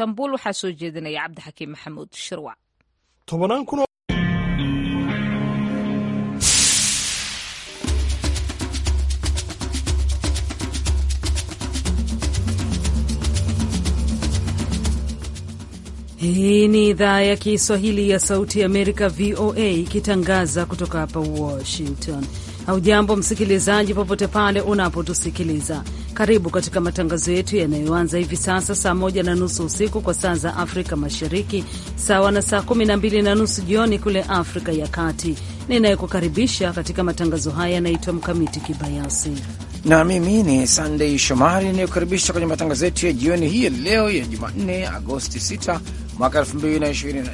istanbul waxaa soo jeedinaya cabdixakiim maxamuud shirwac Hii ni idhaa ya Kiswahili ya Sauti ya Amerika, VOA, ikitangaza kutoka hapa Washington. Haujambo msikilizaji, popote pale unapotusikiliza. Karibu katika matangazo yetu yanayoanza hivi sasa saa moja na nusu usiku kwa saa za Afrika Mashariki, sawa na saa kumi na mbili na nusu jioni kule Afrika ya Kati. Ninayekukaribisha katika matangazo haya yanaitwa Mkamiti Kibayasi na mimi ni Sandei Shomari inayokaribisha kwenye matangazo yetu ya jioni hii leo ya Jumanne, Agosti 6 mwaka 2024.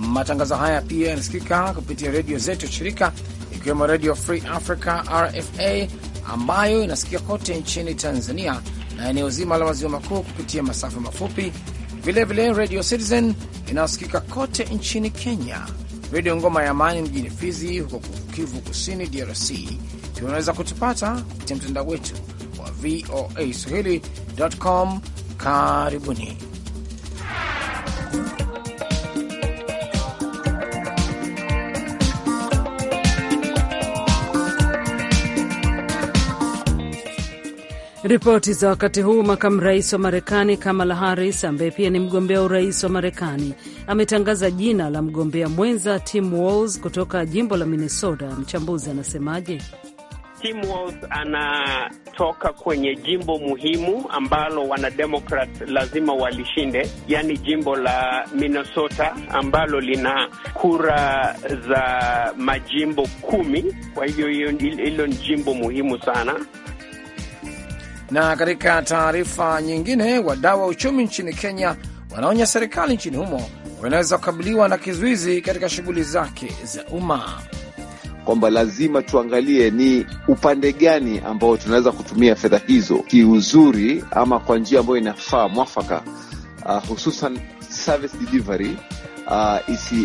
Matangazo haya pia yanasikika kupitia redio zetu shirika, ikiwemo Redio Free Africa RFA ambayo inasikika kote nchini Tanzania na eneo zima la maziwa makuu kupitia masafa mafupi, vilevile Radio Citizen inayosikika kote nchini Kenya, Redio Ngoma ya Amani mjini Fizi huko Kivu Kusini, DRC. Pia unaweza kutupata kupitia mtandao wetu wa VOA Swahili.com. Karibuni. Ripoti za wakati huu, makamu rais wa Marekani Kamala Harris, ambaye pia ni mgombea urais wa Marekani, ametangaza jina la mgombea mwenza Tim Walz kutoka jimbo la Minnesota. Mchambuzi anasemaje? Tim Walz anatoka kwenye jimbo muhimu ambalo wanademokrat lazima walishinde, yaani jimbo la Minnesota ambalo lina kura za majimbo kumi. Kwa hivyo hilo ni jimbo muhimu sana. Na katika taarifa nyingine, wadau wa uchumi nchini Kenya wanaonya serikali nchini humo wanaweza kukabiliwa na kizuizi katika shughuli zake za umma kwamba lazima tuangalie ni upande gani ambao tunaweza kutumia fedha hizo kiuzuri ama kwa njia ambayo inafaa mwafaka, uh, hususan service delivery uh, ah,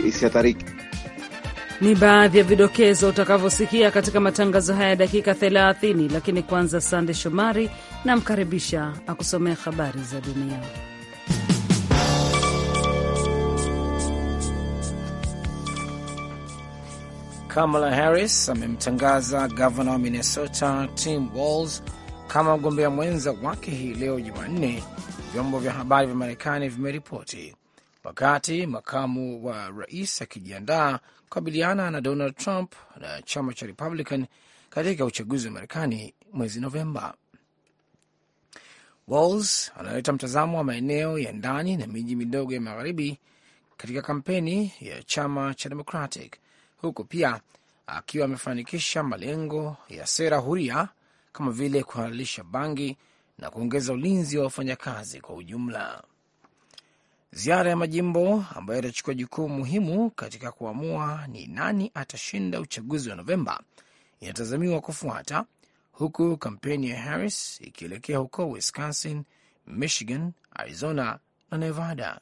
isihatariki isi ni baadhi ya vidokezo utakavyosikia katika matangazo haya ya dakika 30, lakini kwanza, Sande Shomari namkaribisha akusomea habari za dunia. Kamala Harris amemtangaza gavana wa Minnesota Tim Walz kama mgombea mwenza wake hii leo Jumanne, vyombo vya habari vya Marekani vimeripoti wakati makamu wa rais akijiandaa kukabiliana na Donald Trump na chama cha Republican katika uchaguzi wa Marekani mwezi Novemba. Walls analeta mtazamo wa maeneo ya ndani na miji midogo ya magharibi katika kampeni ya chama cha Democratic, huku pia akiwa amefanikisha malengo ya sera huria kama vile kuhalalisha bangi na kuongeza ulinzi wa wafanyakazi kwa ujumla ziara ya majimbo ambayo itachukua jukumu muhimu katika kuamua ni nani atashinda uchaguzi wa Novemba inatazamiwa kufuata, huku kampeni ya Harris ikielekea huko Wisconsin, Michigan, Arizona na Nevada.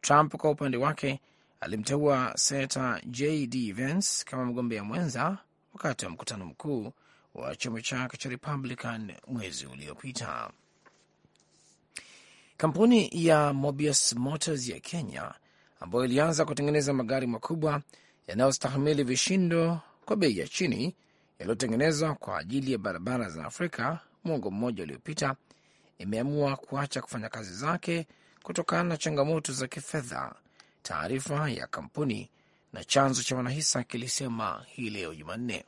Trump kwa upande wake alimteua senata JD Vance kama mgombea mwenza wakati wa mkutano mkuu wa chama chake cha Republican mwezi uliopita. Kampuni ya Mobius Motors ya Kenya ambayo ilianza kutengeneza magari makubwa yanayostahimili vishindo kwa bei ya chini yaliyotengenezwa kwa ajili ya barabara za Afrika mwongo mmoja uliopita, imeamua kuacha kufanya kazi zake kutokana na changamoto za kifedha, taarifa ya kampuni na chanzo cha wanahisa kilisema hii leo Jumanne.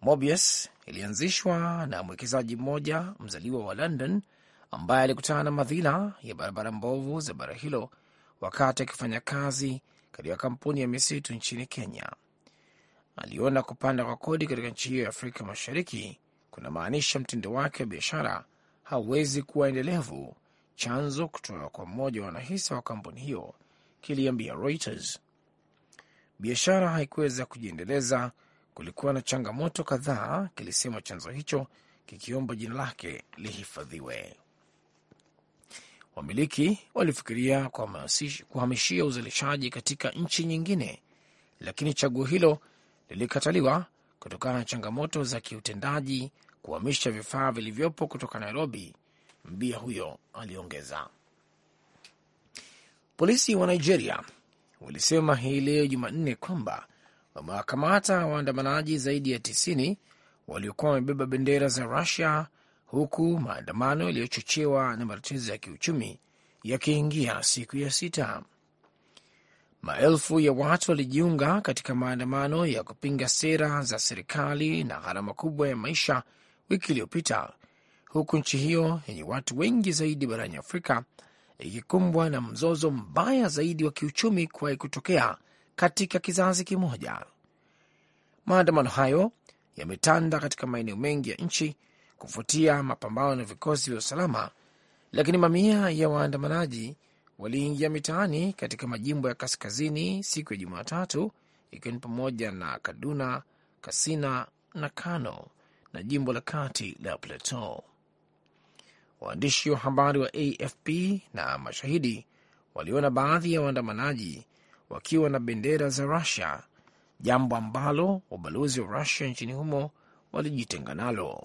Mobius ilianzishwa na mwekezaji mmoja mzaliwa wa London ambaye alikutana na madhila ya barabara mbovu za bara hilo wakati akifanya kazi katika kampuni ya misitu nchini Kenya. Aliona kupanda kwa kodi katika nchi hiyo ya Afrika Mashariki kuna maanisha mtindo wake wa biashara hauwezi kuwa endelevu. Chanzo kutoka kwa mmoja wa wanahisa wa kampuni hiyo kiliambia Reuters biashara haikuweza kujiendeleza. Kulikuwa na changamoto kadhaa, kilisema chanzo hicho, kikiomba jina lake lihifadhiwe. Wamiliki walifikiria kuhamishia uzalishaji katika nchi nyingine, lakini chaguo hilo lilikataliwa kutokana na changamoto za kiutendaji kuhamisha vifaa vilivyopo kutoka Nairobi, mbia huyo aliongeza. Polisi wa Nigeria walisema hii leo Jumanne kwamba wamewakamata waandamanaji zaidi ya 90 waliokuwa wamebeba bendera za Rusia huku maandamano yaliyochochewa na matatizo ya kiuchumi yakiingia siku ya sita. Maelfu ya watu walijiunga katika maandamano ya kupinga sera za serikali na gharama kubwa ya maisha wiki iliyopita, huku nchi hiyo yenye watu wengi zaidi barani Afrika ikikumbwa na mzozo mbaya zaidi wa kiuchumi kuwahi kutokea katika kizazi kimoja. Maandamano hayo yametanda katika maeneo mengi ya nchi kufuatia mapambano na vikosi vya usalama, lakini mamia ya waandamanaji waliingia mitaani katika majimbo ya kaskazini siku ya Jumatatu, ikiwa ni pamoja na Kaduna, Kasina na Kano na jimbo la kati la Plateau. Waandishi wa habari wa AFP na mashahidi waliona baadhi ya waandamanaji wakiwa na bendera za Rusia, jambo ambalo wabalozi wa Rusia nchini humo walijitenga nalo.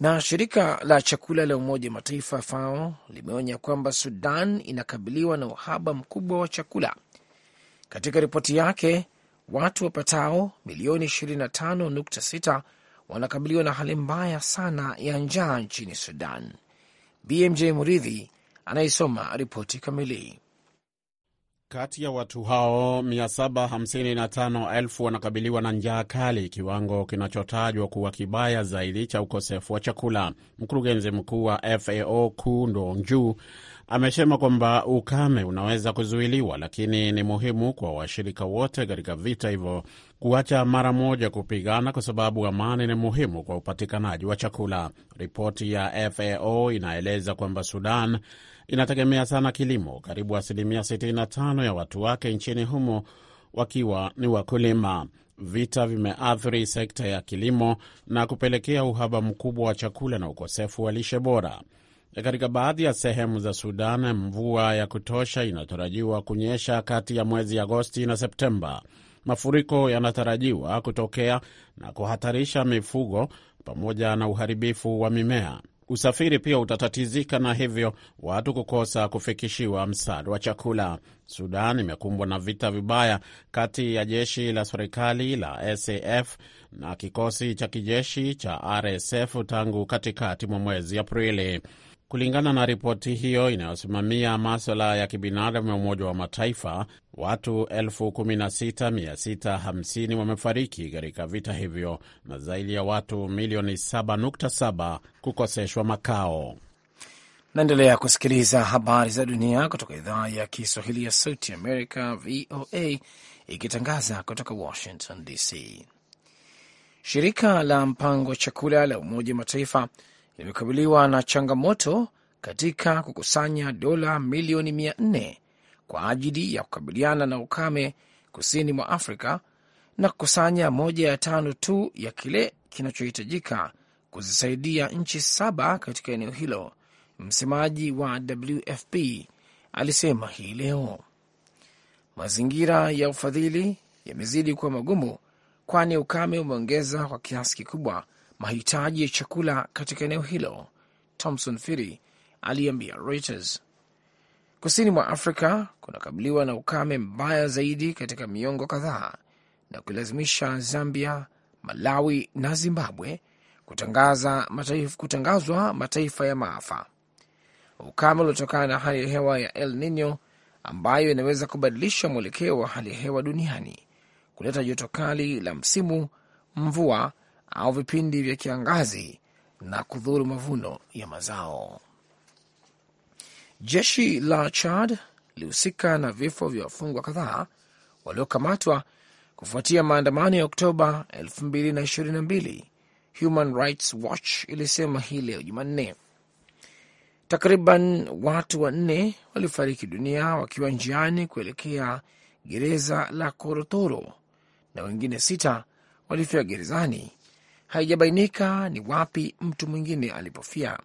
Na shirika la chakula la Umoja wa Mataifa FAO limeonya kwamba Sudan inakabiliwa na uhaba mkubwa wa chakula. Katika ripoti yake, watu wapatao milioni 25.6 wanakabiliwa na hali mbaya sana ya njaa nchini Sudan. BMJ Muridhi anaisoma ripoti kamili. Kati ya watu hao 755,000 wanakabiliwa na njaa kali, kiwango kinachotajwa kuwa kibaya zaidi cha ukosefu wa chakula. Mkurugenzi mkuu wa FAO Kundo Nju amesema kwamba ukame unaweza kuzuiliwa, lakini ni muhimu kwa washirika wote katika vita hivyo kuacha mara moja kupigana, kwa sababu amani ni muhimu kwa upatikanaji wa chakula. Ripoti ya FAO inaeleza kwamba Sudan inategemea sana kilimo, karibu asilimia 65 ya watu wake nchini humo wakiwa ni wakulima. Vita vimeathiri sekta ya kilimo na kupelekea uhaba mkubwa wa chakula na ukosefu wa lishe bora. Katika baadhi ya sehemu za Sudan, mvua ya kutosha inatarajiwa kunyesha kati ya mwezi Agosti na Septemba. Mafuriko yanatarajiwa kutokea na kuhatarisha mifugo pamoja na uharibifu wa mimea. Usafiri pia utatatizika na hivyo watu kukosa kufikishiwa msaada wa chakula. Sudan imekumbwa na vita vibaya kati ya jeshi la serikali la SAF na kikosi cha kijeshi cha RSF tangu katikati mwa mwezi Aprili. Kulingana na ripoti hiyo inayosimamia maswala ya kibinadamu ya Umoja wa Mataifa, Watu 16650 wamefariki katika vita hivyo na zaidi ya watu milioni 7.7 kukoseshwa makao. Naendelea kusikiliza habari za dunia kutoka idhaa ya Kiswahili ya Sauti Amerika, VOA, ikitangaza kutoka Washington DC. Shirika la mpango wa chakula la Umoja wa Mataifa limekabiliwa na changamoto katika kukusanya dola milioni 400 kwa ajili ya kukabiliana na ukame kusini mwa Afrika na kukusanya moja ya tano tu ya kile kinachohitajika kuzisaidia nchi saba katika eneo hilo. Msemaji wa WFP alisema hii leo mazingira ya ufadhili yamezidi kuwa magumu, kwani ukame umeongeza kwa kiasi kikubwa mahitaji ya chakula katika eneo hilo, Thomson Firi aliambia Reuters kusini mwa Afrika kunakabiliwa na ukame mbaya zaidi katika miongo kadhaa na kuilazimisha Zambia, Malawi na Zimbabwe kutangaza mataifa, kutangazwa mataifa ya maafa. Ukame uliotokana na hali ya hewa ya El Nino ambayo inaweza kubadilisha mwelekeo wa hali ya hewa duniani, kuleta joto kali la msimu, mvua au vipindi vya kiangazi na kudhuru mavuno ya mazao. Jeshi la Chad lilihusika na vifo vya wafungwa kadhaa waliokamatwa kufuatia maandamano ya Oktoba 2022, Human Rights Watch ilisema hii leo Jumanne. Takriban watu wanne walifariki dunia wakiwa njiani kuelekea gereza la Korotoro na wengine sita walifia gerezani. Haijabainika ni wapi mtu mwingine alipofia.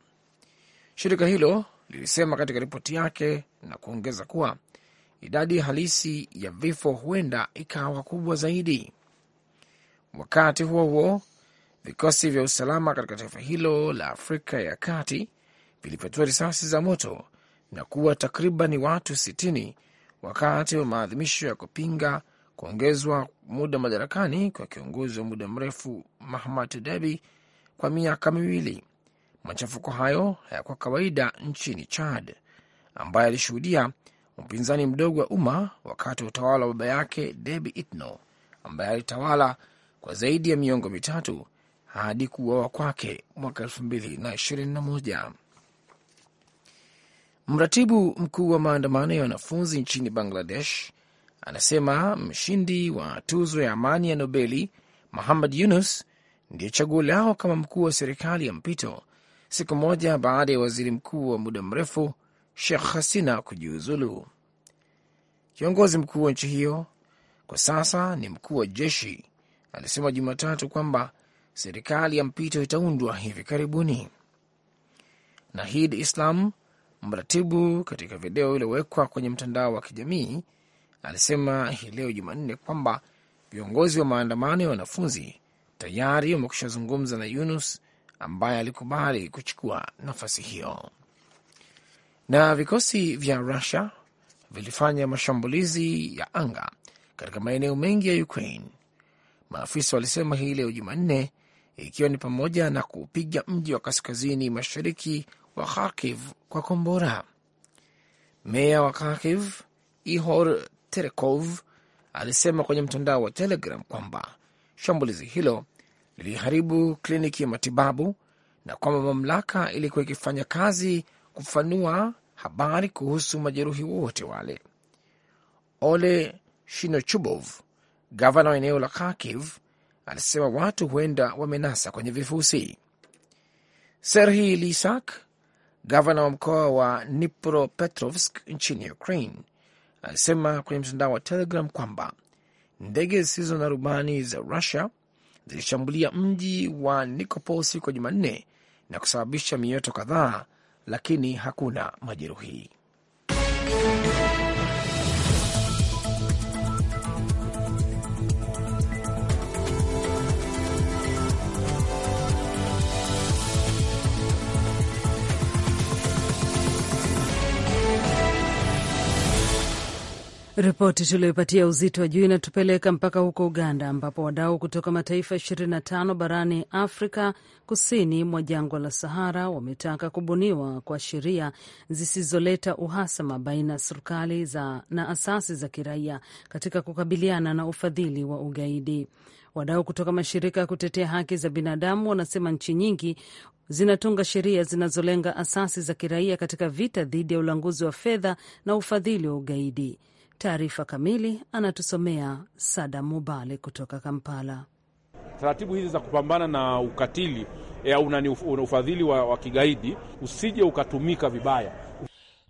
Shirika hilo lilisema katika ripoti yake na kuongeza kuwa idadi halisi ya vifo huenda ikawa kubwa zaidi. Wakati huo huo, vikosi vya usalama katika taifa hilo la Afrika ya Kati vilifyatua risasi za moto na kuwa takriban watu 60 wakati wa maadhimisho ya kupinga kuongezwa muda madarakani kwa kiongozi wa muda mrefu Mahamat Debi kwa miaka miwili Machafuko hayo hayakuwa kawaida nchini Chad, ambaye alishuhudia upinzani mdogo wa umma wakati wa utawala wa baba yake Debi Itno, ambaye alitawala kwa zaidi ya miongo mitatu hadi kuuawa kwake mwaka 2021. Mratibu mkuu wa maandamano ya wanafunzi nchini Bangladesh anasema mshindi wa tuzo ya amani ya Nobeli Muhammad Yunus ndiye chaguo lao kama mkuu wa serikali ya mpito siku moja baada ya waziri mkuu wa muda mrefu Sheikh Hasina kujiuzulu. Kiongozi mkuu wa nchi hiyo kwa sasa ni mkuu wa jeshi, alisema Jumatatu kwamba serikali ya mpito itaundwa hivi karibuni. Nahid Islam, mratibu katika video iliyowekwa kwenye mtandao wa kijamii, alisema hii leo Jumanne kwamba viongozi wa maandamano ya wanafunzi tayari wamekusha zungumza na Yunus ambaye alikubali kuchukua nafasi hiyo. Na vikosi vya Rusia vilifanya mashambulizi ya anga katika maeneo mengi ya Ukraine, maafisa walisema hii leo Jumanne, ikiwa ni pamoja na kuupiga mji wa kaskazini mashariki wa Kharkiv kwa kombora. Meya wa Kharkiv Ihor Terekov alisema kwenye mtandao wa Telegram kwamba shambulizi hilo liliharibu kliniki ya matibabu na kwamba mamlaka ilikuwa ikifanya kazi kufanua habari kuhusu majeruhi wote wale. Ole Shinochubov, gavana wa eneo la Kharkiv, alisema watu huenda wamenasa kwenye vifusi. serhi Lisak, gavana wa mkoa wa Dnipropetrovsk nchini Ukraine, alisema kwenye mtandao wa Telegram kwamba ndege zisizo na rubani za Russia zilishambulia mji wa Nikopol siku ya Jumanne na kusababisha mioto kadhaa, lakini hakuna majeruhi. Ripoti tuliyoipatia uzito wa juu inatupeleka mpaka huko Uganda, ambapo wadau kutoka mataifa 25 barani Afrika kusini mwa jangwa la Sahara wametaka kubuniwa kwa sheria zisizoleta uhasama baina ya serikali na asasi za kiraia katika kukabiliana na ufadhili wa ugaidi. Wadau kutoka mashirika ya kutetea haki za binadamu wanasema nchi nyingi zinatunga sheria zinazolenga asasi za kiraia katika vita dhidi ya ulanguzi wa fedha na ufadhili wa ugaidi. Taarifa kamili anatusomea Sada Mubale kutoka Kampala. Taratibu hizi za kupambana na ukatili eh, au ufadhili wa, wa kigaidi usije ukatumika vibaya.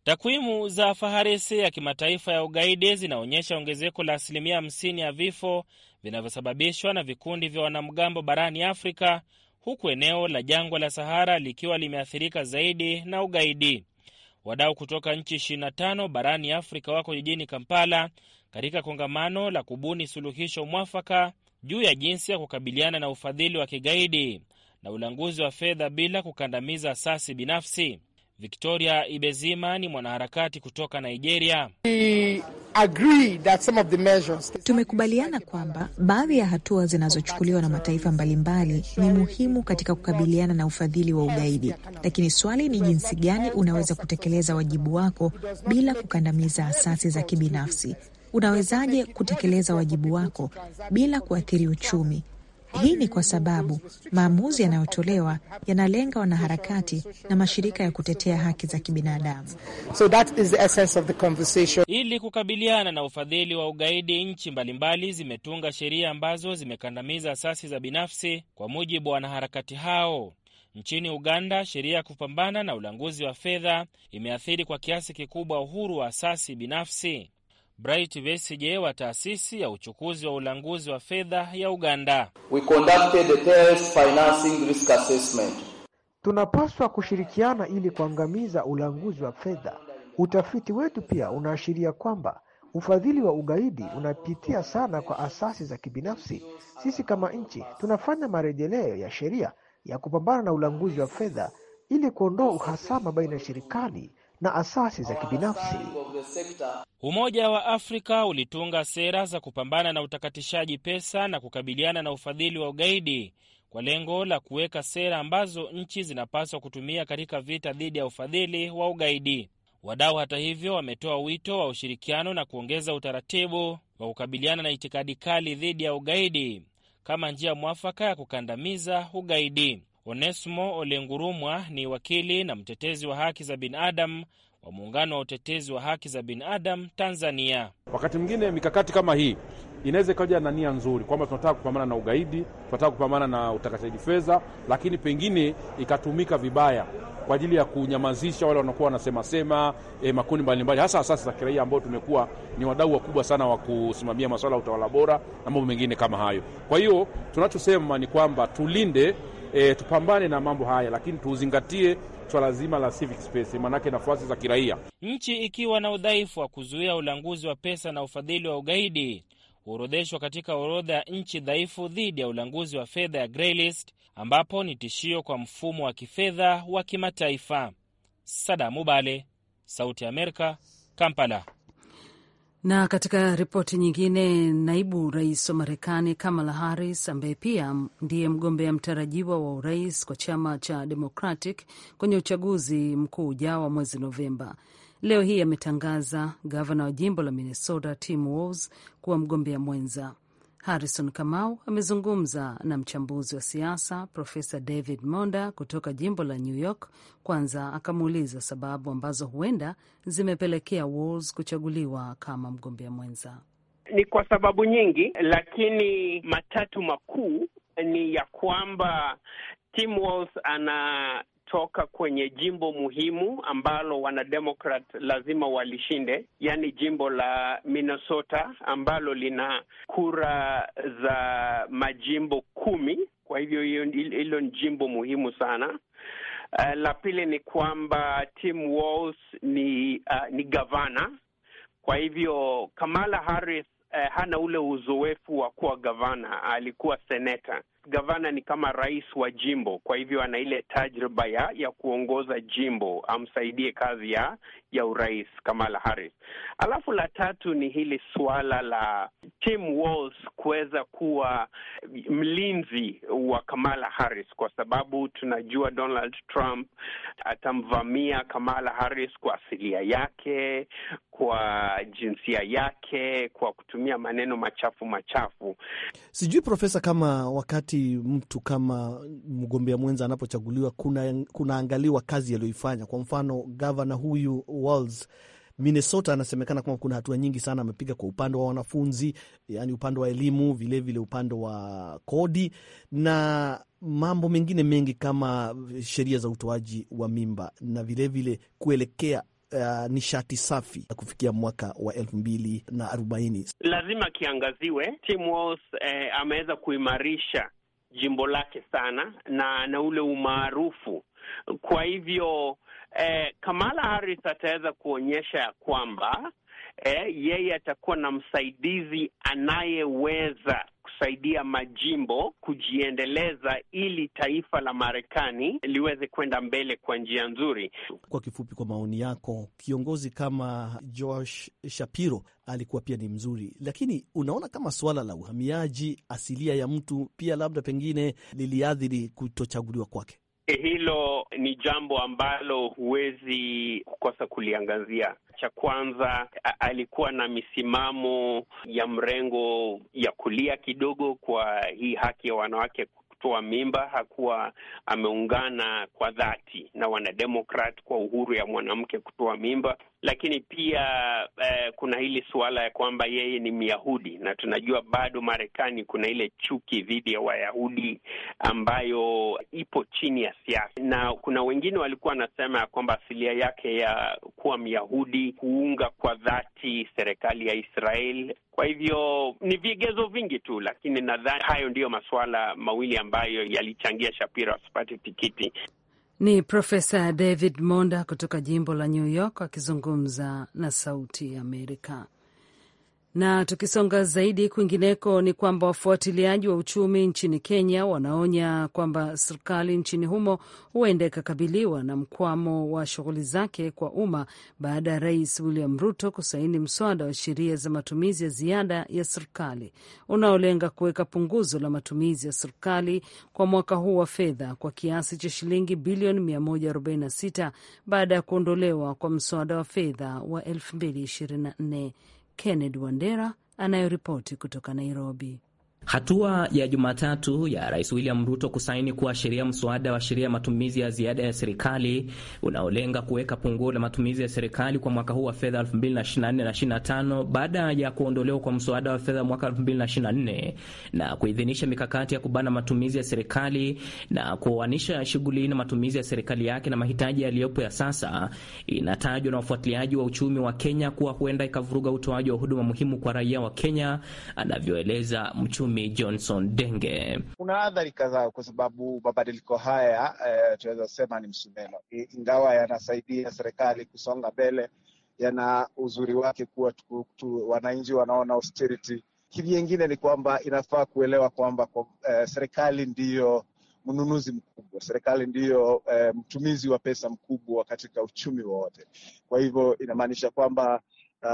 Takwimu za Faharisi ya kimataifa ya ugaidi zinaonyesha ongezeko la asilimia 50 ya vifo vinavyosababishwa na vikundi vya wanamgambo barani Afrika, huku eneo la jangwa la Sahara likiwa limeathirika zaidi na ugaidi. Wadau kutoka nchi 25 barani Afrika wako jijini Kampala katika kongamano la kubuni suluhisho mwafaka juu ya jinsi ya kukabiliana na ufadhili wa kigaidi na ulanguzi wa fedha bila kukandamiza asasi binafsi. Victoria Ibezima ni mwanaharakati kutoka Nigeria. Tumekubaliana kwamba baadhi ya hatua zinazochukuliwa na mataifa mbalimbali ni muhimu katika kukabiliana na ufadhili wa ugaidi, lakini swali ni jinsi gani unaweza kutekeleza wajibu wako bila kukandamiza asasi za kibinafsi. Unawezaje kutekeleza wajibu wako bila kuathiri uchumi? Hii ni kwa sababu maamuzi yanayotolewa yanalenga wanaharakati na mashirika ya kutetea haki za kibinadamu. So that is the essence of the conversation. Ili kukabiliana na ufadhili wa ugaidi, nchi mbalimbali zimetunga sheria ambazo zimekandamiza asasi za binafsi, kwa mujibu wa wanaharakati hao. Nchini Uganda, sheria ya kupambana na ulanguzi wa fedha imeathiri kwa kiasi kikubwa uhuru wa asasi binafsi. Bright Besigye wa taasisi ya uchukuzi wa ulanguzi wa fedha ya Uganda. We conducted a terrorist financing risk assessment. Tunapaswa kushirikiana ili kuangamiza ulanguzi wa fedha. Utafiti wetu pia unaashiria kwamba ufadhili wa ugaidi unapitia sana kwa asasi za kibinafsi. Sisi kama nchi tunafanya marejeleo ya sheria ya kupambana na ulanguzi wa fedha ili kuondoa uhasama baina ya serikali na asasi za kibinafsi. Umoja wa Afrika ulitunga sera za kupambana na utakatishaji pesa na kukabiliana na ufadhili wa ugaidi kwa lengo la kuweka sera ambazo nchi zinapaswa kutumia katika vita dhidi ya ufadhili wa ugaidi. Wadau hata hivyo, wametoa wito wa ushirikiano na kuongeza utaratibu wa kukabiliana na itikadi kali dhidi ya ugaidi kama njia mwafaka ya kukandamiza ugaidi. Onesmo Olengurumwa ni wakili na mtetezi wa haki za binadamu wa muungano wa utetezi wa haki za binadamu Tanzania. Wakati mwingine mikakati kama hii inaweza ikaja na nia nzuri kwamba tunataka kupambana na ugaidi, tunataka kupambana na utakatishaji fedha, lakini pengine ikatumika vibaya kwa ajili ya kunyamazisha wale wanakuwa wanasemasema e, makundi mbalimbali, hasa asasi za kiraia ambao tumekuwa ni wadau wakubwa sana wa kusimamia masuala ya utawala bora na mambo mengine kama hayo. Kwa hiyo tunachosema ni kwamba tulinde e, tupambane na mambo haya, lakini tuzingatie swala zima la civic space, maanake nafasi za kiraia. Nchi ikiwa na udhaifu wa kuzuia ulanguzi wa pesa na ufadhili wa ugaidi huorodheshwa katika orodha ya nchi dhaifu dhidi ya ulanguzi wa fedha ya Greylist, ambapo ni tishio kwa mfumo wa kifedha wa kimataifa. Sadamu Bale, Sauti ya Amerika, Kampala. Na katika ripoti nyingine, naibu rais wa Marekani Kamala Harris, ambaye pia ndiye mgombea mtarajiwa wa urais kwa chama cha Democratic kwenye uchaguzi mkuu ujao wa mwezi Novemba, leo hii ametangaza gavana wa jimbo la Minnesota Tim Walz kuwa mgombea mwenza. Harrison Kamau amezungumza na mchambuzi wa siasa Profesa David Monda kutoka jimbo la New York. Kwanza akamuuliza sababu ambazo huenda zimepelekea Walls kuchaguliwa kama mgombea mwenza. Ni kwa sababu nyingi, lakini matatu makuu ni ya kwamba Tim Walz ana kutoka kwenye jimbo muhimu ambalo wanademokrat lazima walishinde, yaani jimbo la Minnesota ambalo lina kura za majimbo kumi. Kwa hivyo hilo ni jimbo muhimu sana. Uh, la pili ni kwamba Tim Walz ni uh, ni gavana. Kwa hivyo Kamala Harris uh, hana ule uzoefu wa kuwa gavana, alikuwa seneta gavana ni kama rais wa jimbo, kwa hivyo ana ile tajriba ya, ya kuongoza jimbo amsaidie kazi ya, ya urais Kamala Harris. Alafu la tatu ni hili suala la Tim Walz kuweza kuwa mlinzi wa Kamala Harris, kwa sababu tunajua Donald Trump atamvamia Kamala Harris kwa asilia yake, kwa jinsia yake, kwa kutumia maneno machafu machafu. Sijui Profesa, kama wakati wakati mtu kama mgombea mwenza anapochaguliwa, kunaangaliwa kuna kazi aliyoifanya. Kwa mfano gavana huyu Walz Minnesota anasemekana kwamba kuna hatua nyingi sana amepiga kwa upande wa wanafunzi, yani upande wa elimu, vilevile upande wa kodi na mambo mengine mengi kama sheria za utoaji wa mimba na vilevile vile kuelekea Uh, nishati safi kufikia mwaka wa elfu mbili na arobaini lazima kiangaziwe. Tim Walz eh, ameweza kuimarisha jimbo lake sana na na ule umaarufu. Kwa hivyo eh, Kamala Harris ataweza kuonyesha ya kwamba eh, yeye atakuwa na msaidizi anayeweza kusaidia majimbo kujiendeleza ili taifa la Marekani liweze kwenda mbele kwa njia nzuri. Kwa kifupi, kwa maoni yako, kiongozi kama Josh Shapiro alikuwa pia ni mzuri, lakini unaona kama suala la uhamiaji asilia ya mtu pia labda pengine liliathiri kutochaguliwa kwake. Eh, hilo ni jambo ambalo huwezi kukosa kuliangazia. Cha kwanza, alikuwa na misimamo ya mrengo ya kulia kidogo kwa hii haki ya wanawake kutoa mimba. Hakuwa ameungana kwa dhati na wanademokrat kwa uhuru ya mwanamke kutoa mimba lakini pia eh, kuna hili suala ya kwamba yeye ni Myahudi na tunajua bado Marekani kuna ile chuki dhidi ya Wayahudi ambayo ipo chini ya siasa, na kuna wengine walikuwa wanasema ya kwamba asilia yake ya kuwa Myahudi kuunga kwa dhati serikali ya Israel. Kwa hivyo ni vigezo vingi tu, lakini nadhani hayo ndiyo masuala mawili ambayo yalichangia Shapiro asipate tikiti. Ni Profesa David Monda kutoka jimbo la New York akizungumza na Sauti ya Amerika. Na tukisonga zaidi kwingineko ni kwamba wafuatiliaji wa uchumi nchini Kenya wanaonya kwamba serikali nchini humo huenda ikakabiliwa na mkwamo wa shughuli zake kwa umma baada ya Rais William Ruto kusaini mswada wa sheria za matumizi ya ziada ya serikali unaolenga kuweka punguzo la matumizi ya serikali kwa mwaka huu wa fedha kwa kiasi cha shilingi bilioni 146 baada ya kuondolewa kwa mswada wa fedha wa 2024. Kennedy Wandera anayoripoti kutoka Nairobi. Hatua ya Jumatatu ya Rais William Ruto kusaini kuwa sheria mswada wa sheria ya matumizi ya ziada ya serikali unaolenga kuweka punguo la matumizi ya serikali kwa mwaka huu wa fedha 2024 na baada ya kuondolewa kwa mswada wa fedha mwaka 2024 na kuidhinisha mikakati ya kubana matumizi ya serikali na kuoanisha shughuli na matumizi ya serikali yake na mahitaji yaliyopo ya sasa, inatajwa na wafuatiliaji wa uchumi wa Kenya kuwa huenda ikavuruga utoaji wa huduma muhimu kwa raia wa Kenya, anavyoeleza mchumi uchumi Johnson Denge. Kuna athari kadhaa kwa sababu mabadiliko haya eh, tunaweza sema ni msumeno, ingawa yanasaidia serikali kusonga mbele, yana uzuri wake kuwa wananchi wanaona austerity. Kitu yingine ni kwamba inafaa kuelewa kwamba kwa, eh, serikali ndiyo mnunuzi mkubwa, serikali ndiyo eh, mtumizi wa pesa mkubwa katika uchumi wowote. Kwa hivyo inamaanisha kwamba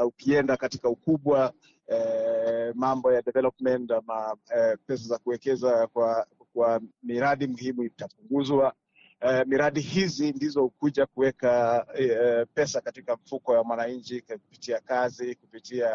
uh, ukienda katika ukubwa Eh, mambo ya development ama eh, pesa za kuwekeza kwa, kwa miradi muhimu itapunguzwa eh, miradi hizi ndizo hukuja kuweka eh, pesa katika mfuko ya mwananchi kupitia kazi, kupitia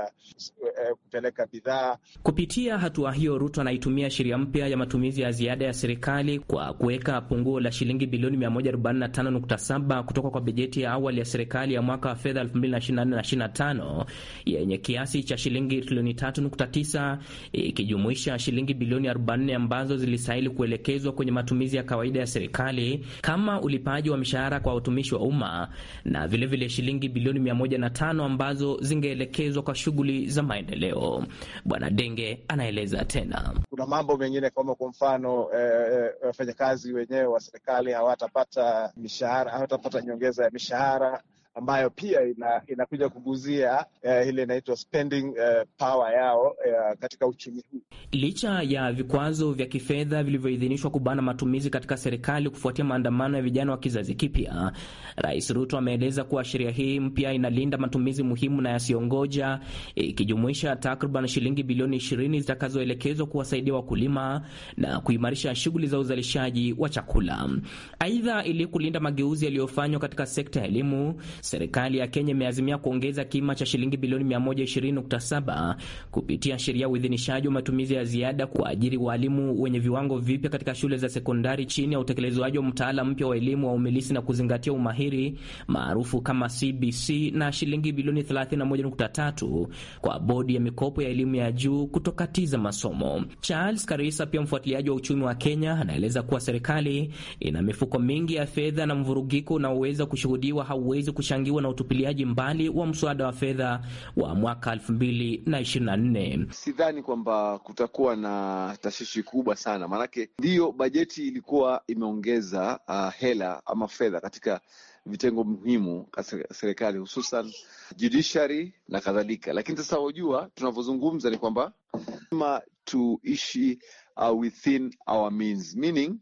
eh, kupeleka bidhaa. Kupitia hatua hiyo, Ruto anaitumia sheria mpya ya matumizi ya ziada ya serikali kwa kuweka punguo la shilingi bilioni 145.7 kutoka kwa bajeti ya awali ya serikali ya mwaka wa fedha 2024 yenye kiasi cha shilingi trilioni 3.9 ikijumuisha shilingi bilioni 40 ambazo zilistahili kuelekezwa kwenye matumizi ya kawaida ya serikali kama ulipaji wa mishahara kwa watumishi wa umma na vilevile vile shilingi bilioni 105 ambazo zingeelekezwa kwa shughuli za maendeleo. Bwana Denge anaeleza tena, kuna mambo mengine kama kwa mfano eh, eh, wafanyakazi eh, wenyewe wa serikali hawatapata mishahara, hawatapata nyongeza ya mishahara ambayo pia ina, inakuja kuguzia uh, ile inaitwa spending eh, power yao uh, katika uchumi huu. Licha ya vikwazo vya kifedha vilivyoidhinishwa kubana matumizi katika serikali kufuatia maandamano ya vijana wa kizazi kipya, Rais Ruto ameeleza kuwa sheria hii mpya inalinda matumizi muhimu na yasiyongoja, ikijumuisha takriban shilingi bilioni 20 zitakazoelekezwa kuwasaidia wakulima na kuimarisha shughuli za uzalishaji wa chakula. Aidha, ili kulinda mageuzi yaliyofanywa katika sekta ya elimu serikali ya Kenya imeazimia kuongeza kima cha shilingi bilioni 120.7 kupitia sheria ya uidhinishaji wa matumizi ya ziada kwa kuwaajiri walimu wenye viwango vipya katika shule za sekondari chini ya utekelezwaji wa mtaala mpya wa elimu wa umilisi na kuzingatia umahiri maarufu kama CBC na shilingi bilioni 31.3 kwa bodi ya mikopo ya elimu ya juu kutokatiza masomo. Charles Karisa, pia mfuatiliaji wa uchumi wa Kenya, anaeleza kuwa serikali ina mifuko mingi ya fedha na mvurugiko unaoweza kushuhudiwa hauwezi kuchangiwa na utupiliaji mbali wa mswada wa fedha wa mwaka 2024. Sidhani kwamba kutakuwa na tashishi kubwa sana, maanake ndiyo bajeti ilikuwa imeongeza uh, hela ama fedha katika vitengo muhimu katika serikali hususan judiciary na kadhalika, lakini sasa wajua, tunavyozungumza ni kwamba lazima tuishi uh, within our means meaning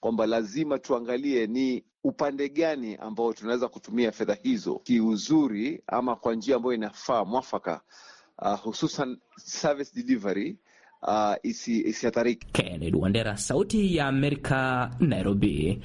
kwamba lazima tuangalie ni upande gani ambao tunaweza kutumia fedha hizo kiuzuri ama kwa njia ambayo inafaa mwafaka, uh, hususan service delivery uh, isihatariki. Kennedy Wandera, Sauti ya Amerika, Nairobi.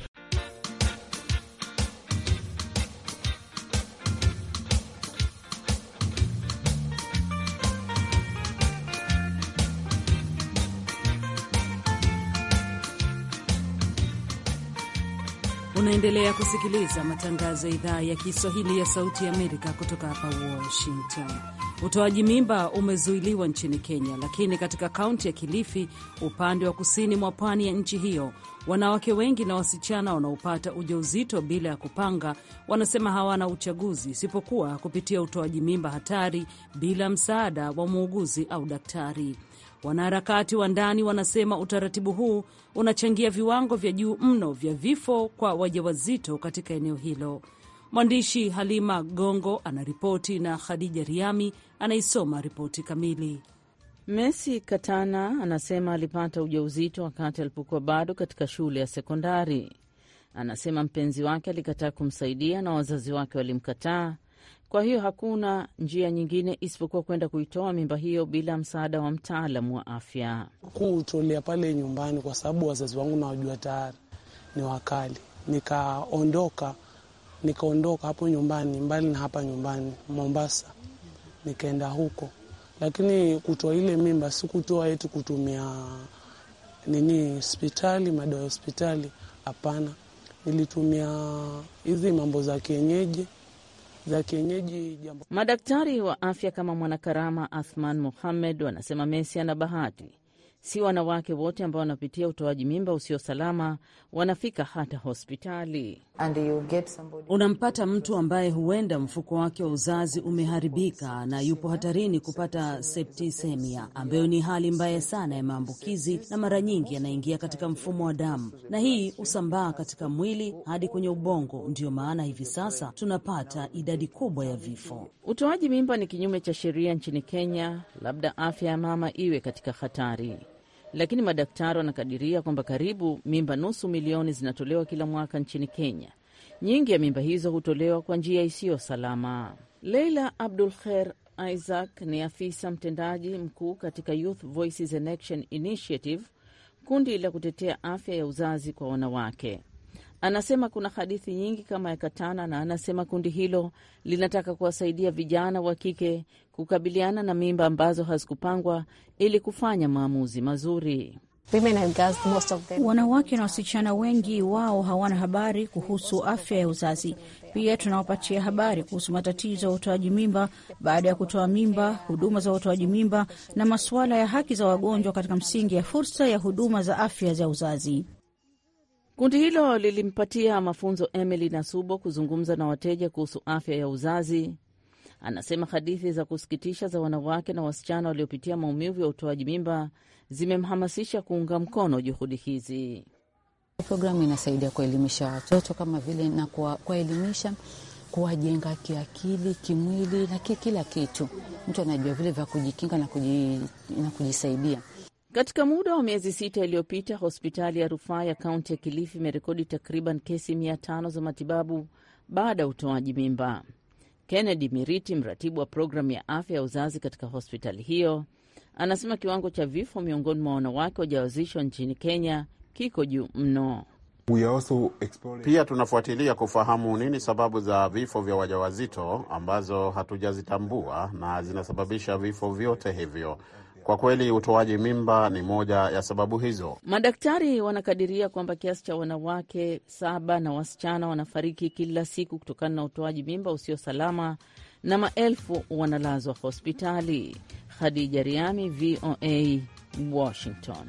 Unaendelea kusikiliza matangazo ya idhaa ya Kiswahili ya Sauti ya Amerika kutoka hapa Washington. Utoaji mimba umezuiliwa nchini Kenya, lakini katika kaunti ya Kilifi, upande wa kusini mwa pwani ya nchi hiyo, wanawake wengi na wasichana wanaopata ujauzito bila ya kupanga wanasema hawana uchaguzi isipokuwa kupitia utoaji mimba hatari bila msaada wa muuguzi au daktari. Wanaharakati wa ndani wanasema utaratibu huu unachangia viwango vya juu mno vya vifo kwa wajawazito katika eneo hilo. Mwandishi Halima Gongo anaripoti na Khadija Riami anaisoma ripoti kamili. Messi Katana anasema alipata ujauzito wakati alipokuwa bado katika shule ya sekondari. Anasema mpenzi wake alikataa kumsaidia na wazazi wake walimkataa kwa hiyo hakuna njia nyingine isipokuwa kwenda kuitoa mimba hiyo bila msaada wa mtaalamu wa afya. kutolea pale nyumbani, kwa sababu wazazi wangu nawajua tayari ni wakali, nikaondoka nikaondoka hapo nyumbani, mbali na hapa nyumbani Mombasa, nikaenda huko. Lakini kutoa ile mimba si kutoa eti kutumia nini hospitali, madawa ya hospitali, hapana. Nilitumia hizi mambo za kienyeji za kienyeji jambo. Madaktari wa afya kama mwanakarama Athman muhammed wanasema Messi ana bahati Si wanawake wote ambao wanapitia utoaji mimba usio salama wanafika hata hospitali. somebody... unampata mtu ambaye huenda mfuko wake wa uzazi umeharibika na yupo hatarini kupata septisemia, ambayo ni hali mbaya sana ya maambukizi, na mara nyingi yanaingia katika mfumo wa damu, na hii husambaa katika mwili hadi kwenye ubongo. Ndiyo maana hivi sasa tunapata idadi kubwa ya vifo. Utoaji mimba ni kinyume cha sheria nchini Kenya, labda afya ya mama iwe katika hatari lakini madaktari wanakadiria kwamba karibu mimba nusu milioni zinatolewa kila mwaka nchini Kenya. Nyingi ya mimba hizo hutolewa kwa njia isiyo salama. Leila Abdul Kher Isaac ni afisa mtendaji mkuu katika Youth Voices and Action Initiative, kundi la kutetea afya ya uzazi kwa wanawake. Anasema kuna hadithi nyingi kama ya Katana, na anasema kundi hilo linataka kuwasaidia vijana wa kike kukabiliana na mimba ambazo hazikupangwa ili kufanya maamuzi mazuri. Wanawake na wasichana wengi wao hawana habari kuhusu afya ya uzazi. Pia tunawapatia habari kuhusu matatizo ya utoaji mimba baada ya kutoa mimba, huduma za utoaji mimba na masuala ya haki za wagonjwa katika msingi ya fursa ya huduma za afya za uzazi. Kundi hilo lilimpatia mafunzo Emily Nasubo kuzungumza na wateja kuhusu afya ya uzazi. Anasema hadithi za kusikitisha za wanawake na wasichana waliopitia maumivu ya utoaji mimba zimemhamasisha kuunga mkono juhudi hizi. Programu inasaidia kuelimisha watoto kama vile na kuwaelimisha kuwajenga kiakili, kimwili na kila kitu, mtu anajua vile vya kujikinga na, kuji, na kujisaidia katika muda wa miezi sita iliyopita, hospitali ya rufaa ya kaunti ya Kilifi imerekodi takriban kesi mia tano za matibabu baada ya utoaji mimba. Kennedy Miriti, mratibu wa programu ya afya ya uzazi katika hospitali hiyo, anasema kiwango cha vifo miongoni mwa wanawake wajawazishwa nchini Kenya kiko juu mno. Pia tunafuatilia kufahamu nini sababu za vifo vya wajawazito ambazo hatujazitambua na zinasababisha vifo vyote hivyo. Kwa kweli utoaji mimba ni moja ya sababu hizo. Madaktari wanakadiria kwamba kiasi cha wanawake saba na wasichana wanafariki kila siku kutokana na utoaji mimba usio salama na maelfu wanalazwa hospitali. Khadija Riami, VOA, Washington.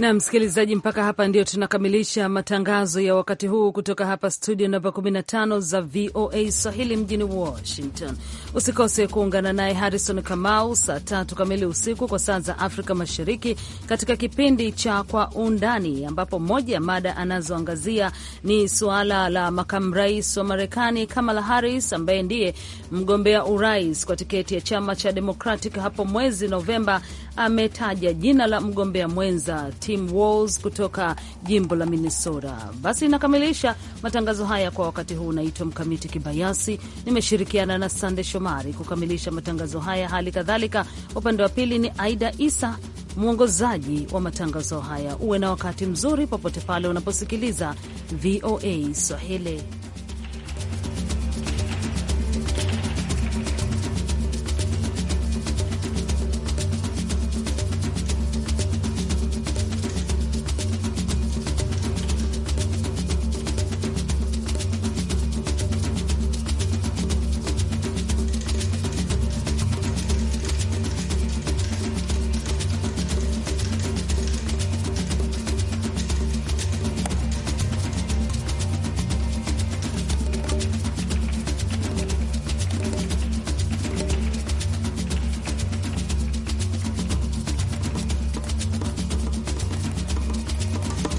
na msikilizaji, mpaka hapa ndio tunakamilisha matangazo ya wakati huu kutoka hapa studio namba 15 za VOA Swahili mjini Washington. Usikose kuungana naye Harrison Kamau saa tatu kamili usiku kwa saa za Afrika Mashariki katika kipindi cha Kwa Undani, ambapo moja ya mada anazoangazia ni suala la makamu rais wa Marekani Kamala Harris ambaye ndiye mgombea urais kwa tiketi ya chama cha Democratic hapo mwezi Novemba ametaja jina la mgombea mwenza Tim Walls kutoka jimbo la Minnesota. Basi inakamilisha matangazo haya kwa wakati huu. unaitwa Mkamiti Kibayasi, nimeshirikiana na Sande Shomari kukamilisha matangazo haya. Hali kadhalika upande wa pili ni Aida Isa, mwongozaji wa matangazo haya. Uwe na wakati mzuri popote pale unaposikiliza VOA Swahili.